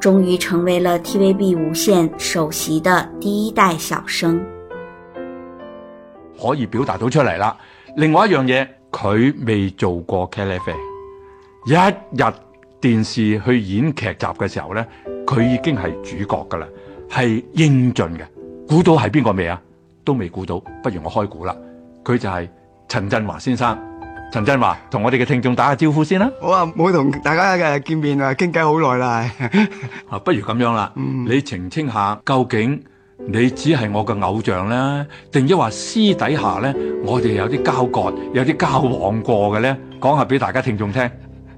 終於成為了 TVB 無線首席的第一代小生，可以表達到出嚟啦。另外一樣嘢，佢未做過茄喱啡，一日電視去演劇集嘅時候咧，佢已經係主角噶啦，係英俊嘅。估到係邊個未啊？都未估到，不如我開估啦。佢就係陳振華先生。陳振華同我哋嘅聽眾打下招呼先啦。好啊，冇同大家嘅見面啊，傾偈好耐啦。啊，不如咁樣啦，你澄清下，究竟你只係我嘅偶像咧，定抑或私底下咧，我哋有啲交割，有啲交往過嘅咧，講下俾大家聽眾聽。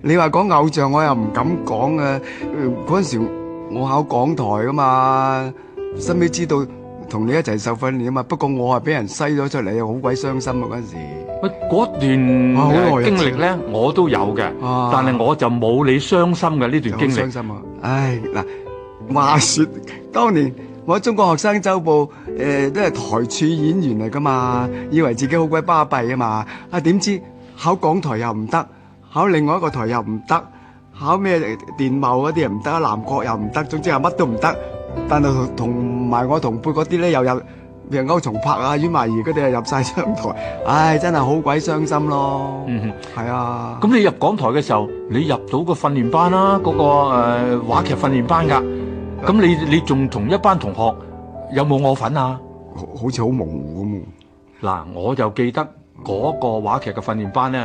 你話講偶像，我又唔敢講啊。嗰陣時我考港台噶嘛，後尾知道。同你一齊受訓練啊嘛，不過我係俾人篩咗出嚟，又好鬼傷心啊嗰陣時。喂，嗰段好耐經歷咧，我都有嘅，但係我就冇你傷心嘅呢段經歷。又傷心啊！唉，嗱，話説當年我喺中國學生周報誒都係台柱演員嚟噶嘛，以為自己好鬼巴閉啊嘛，啊點知考港台又唔得，考另外一個台又唔得，考咩電貿嗰啲又唔得，南國又唔得，總之係乜都唔得，但係同。埋我同輩嗰啲咧，又有人勾重拍啊，阮罵兒嗰啲又入晒商台，唉，真係好鬼傷心咯，係、嗯、啊。咁你入港台嘅時候，你入到個訓練班啦、啊，嗰、那個誒、呃、話劇訓練班噶，咁、嗯、你你仲同一班同學有冇我份啊？好似好模糊咁。嗱，我就記得嗰個話劇嘅訓練班咧，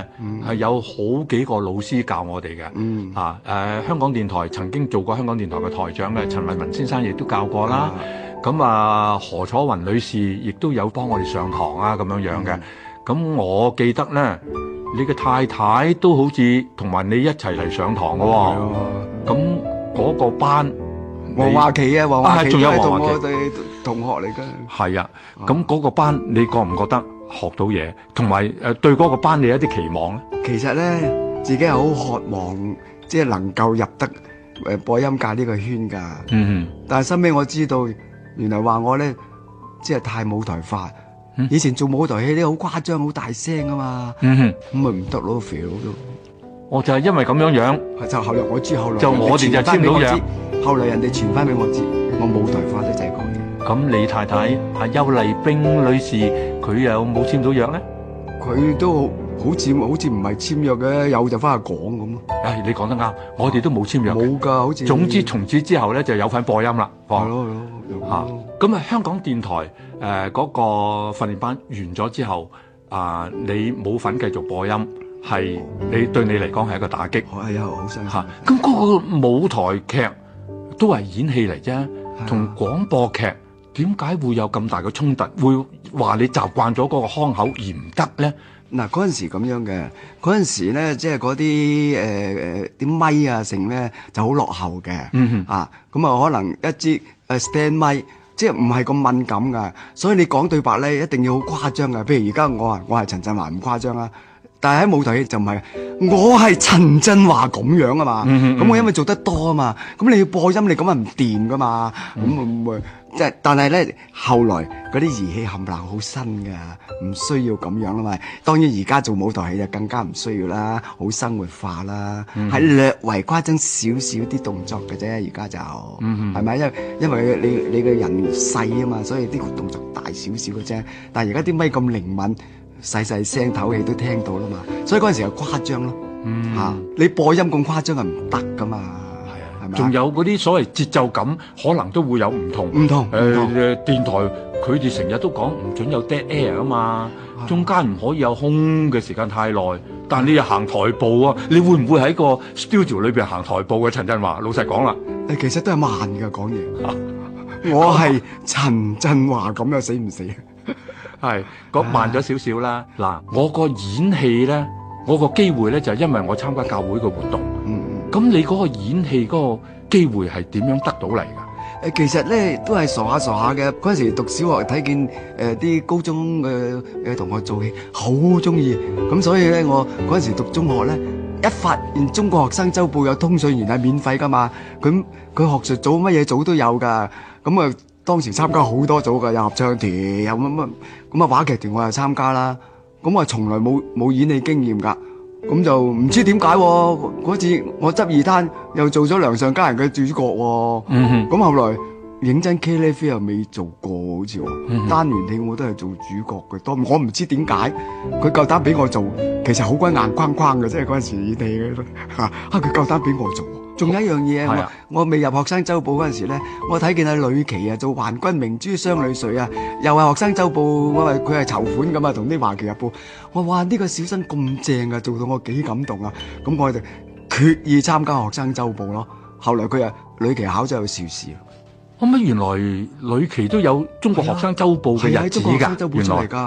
係、嗯、有好幾個老師教我哋嘅，吓、嗯、誒、啊呃，香港電台曾經做過香港電台嘅台長嘅陳文文先生亦都教過啦。嗯咁啊何楚雲女士亦都有幫我哋上堂啊咁樣樣嘅。咁、嗯、我記得咧，你嘅太太都好似同埋你一齊嚟上堂嘅喎。咁、嗯、嗰個班黃華棋啊，仲、啊、有棋係同我哋同學嚟嘅。係啊，咁、啊、嗰個班你覺唔覺得學到嘢？同埋誒對嗰個班你有啲期望咧？其實咧，自己係好渴望、嗯、即係能夠入得誒播音界呢個圈㗎。嗯嗯，但係收尾我知道。原來話我咧，即係太舞台化。以前做舞台戲咧，好誇張，好大聲啊嘛。咁咪唔得咯，feel 都。我就係因為咁樣樣，就後來我知後來我知就我哋就簽唔到約。後來人哋傳翻俾我知、嗯，我舞台化得就係咁。咁、嗯、你太太阿邱麗冰女士，佢又冇簽到約咧？佢都。好似好似唔係簽約嘅，有就翻去講咁咯。唉，你講得啱，我哋都冇簽約。冇、啊、噶，好似。總之從此之後咧，就有份播音啦。係咯，係咯，咁啊，啊香港電台誒嗰、呃那個訓練班完咗之後啊，你冇份繼續播音，係、哦、你對你嚟講係一個打擊。哎、啊，好犀利咁。嗰個舞台劇都係演戲嚟啫，同廣播劇點解會有咁大嘅衝突？會話你習慣咗嗰個腔口而唔得咧？嗱嗰陣時咁樣嘅，嗰陣時咧即係嗰啲誒誒啲咪啊成咧就好落後嘅，嗯、啊，咁啊可能一支 stand 咪即係唔係咁敏感噶，所以你講對白咧一定要好誇張嘅。譬如而家我啊，我係陳振華，唔誇張啊。但喺舞台就唔係，我係陳振華咁樣啊嘛，咁我因為做得多啊嘛，咁你要播音你咁啊唔掂噶嘛，咁啊即係，但係咧後來嗰啲儀器冚 𠾴 唥好新噶，唔需要咁樣啊嘛。當然而家做舞台戲就更加唔需要啦，好生活化啦，係略為誇張少少啲動作嘅啫。而家就係咪？因為因為你你個人細啊嘛，所以啲動作大少少嘅啫。但係而家啲咪咁靈敏。細細聲唞氣都聽到啦嘛，所以嗰陣時又誇張咯，吓、嗯啊、你播音咁誇張係唔得噶嘛，係啊，係咪？仲有嗰啲所謂節奏感，可能都會有唔同，唔同，唔、欸、同，誒電台佢哋成日都講唔准有 dead air 啊嘛，中間唔可以有空嘅時間太耐，但係你又行台步啊，嗯、你會唔會喺個 studio 裏邊行台步嘅、啊？陳振華，老實講啦，誒，其實都係慢嘅講嘢、啊，我係陳振華咁又死唔死 係，講慢咗少少啦。嗱，我個演戲咧，我個機會咧就係因為我參加教會嘅活動。咁你嗰個演戲嗰個機會係點樣得到嚟噶？誒，其實咧都係傻下傻下嘅。嗰陣時讀小學睇見誒啲高中嘅誒同學做戲，好鍾意。咁所以咧，我嗰陣時讀中學咧，一發現中國學生周報有通訊員係免費噶嘛，咁佢學術組乜嘢組都有噶。咁啊～當時參加好多組㗎，有合唱團，有乜乜咁啊，話劇團，我又參加啦。咁我從來冇冇演戲經驗㗎，咁就唔知點解嗰次我執二攤又做咗梁上佳人嘅主角。喎、嗯。咁後來認真，茄喱啡又未做過，好似單元戲我都係做主角嘅多。我唔知點解佢夠膽俾我做，其實好鬼硬框框嘅，即係嗰陣時你吓佢夠膽俾我做。仲有一樣嘢，哦啊，我，我未入學生周報嗰陣時咧，我睇見阿呂琦啊做《環君明珠雙淚水》啊，又係學生周報，報，我話佢係籌款咁啊，同啲《華僑日報》，我話呢個小生咁正啊，做到我幾感動啊！咁我就決意參加學生周報咯。後來佢啊呂琦考咗去邵氏可唔可以？原來女奇都有中國學生周報嘅日子㗎、啊啊，原來㗎，係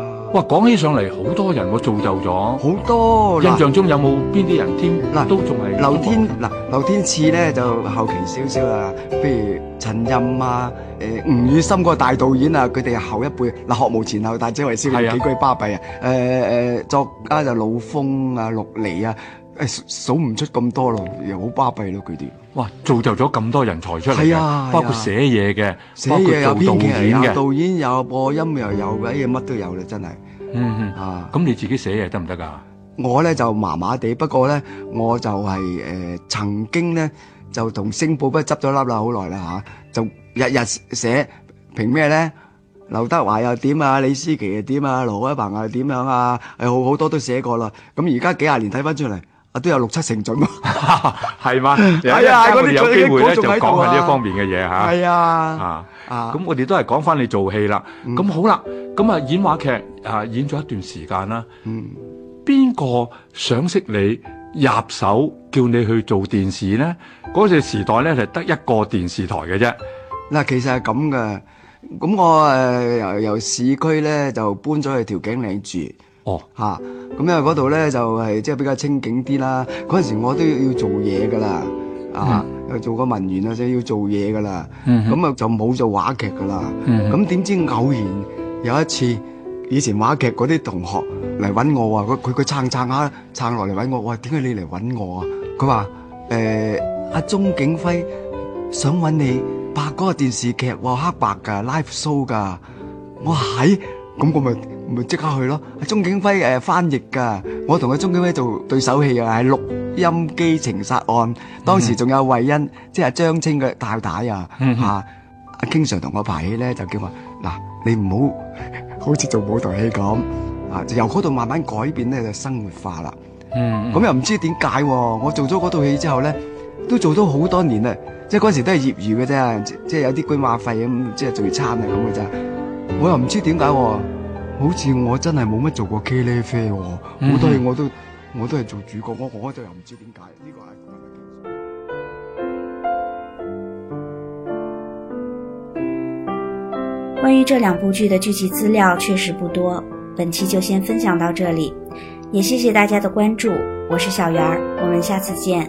啊！哇、啊，講起上嚟，好多人我造就咗好多。印象中有冇邊啲人添？嗱、啊，都仲係劉天嗱，劉天賜咧、啊、就後期少少啊。譬如陳任啊，誒、呃、吳宇森個大導演啊，佢哋後一輩嗱，學無前後，達者為師，幾句巴閉啊！誒誒、啊啊，作家就老風啊、陸離啊。誒，數唔出咁多咯，又好巴閉咯佢哋。哇，造就咗咁多人才出嚟嘅，包括寫嘢嘅，包括做導演嘅。導演有，播音又有嘅，哎呀，乜都有啦，真係。嗯嗯啊，咁你自己寫嘢得唔得噶？我咧就麻麻地，不過咧我就係誒，曾經咧就同《星報》筆執咗笠啦，好耐啦吓，就日日寫憑咩咧？劉德華又點啊？李思琪又點啊？盧海鵬又點樣啊？誒，好好多都寫過啦。咁而家幾廿年睇翻出嚟。我都有六七成準，係嘛？係啊，嗰啲有機會咧，就講下呢一方面嘅嘢嚇。係啊，啊，咁我哋都係講翻你做戲啦。咁好啦，咁啊演話劇啊演咗一段時間啦。邊個想識你，入手叫你去做電視咧？嗰隻時代咧，就得一個電視台嘅啫。嗱，其實係咁嘅。咁我誒由市區咧就搬咗去調景嶺住。哦、oh. 啊，吓，咁因為嗰度咧就係即係比較清景啲啦。嗰陣時我都要做嘢噶啦，mm -hmm. 啊，做個文員啊，即、係、要做嘢噶啦。咁、mm、啊 -hmm. 就冇做話劇噶啦。咁、mm、點 -hmm. 啊、知偶然有一次，以前話劇嗰啲同學嚟揾我話，佢佢撐撐下撐落嚟揾我，我話點解你嚟揾我啊？佢話誒阿鐘景輝想揾你拍嗰個電視劇喎，黑白噶，live show 噶。我話係，咁、我、咪。咪即刻去咯！係鍾景輝誒翻譯噶，我同阿鍾景輝做對手戲嘅，係錄音機情殺案。當時仲有惠欣，mm -hmm. 即係張清嘅太太，mm -hmm. 啊，啊，經常同我排戲咧，就叫話嗱你唔好好似做舞台戲咁啊，由嗰度慢慢改變咧就生活化啦。咁、mm -hmm. 又唔知點解，我做咗嗰套戲之後咧，都做咗好多年啦，即係嗰時都係業餘嘅啫，即係有啲車馬費咁，即係聚餐啊咁嘅咋，我又唔知點解。好似我真係冇乜做過茄喱啡，好多嘢，我都我都係做主角，我我都又唔知點解呢個係。關於這兩部劇嘅劇集資料確實不多，本期就先分享到這裏，也謝謝大家的關注，我是小源，我們下次見。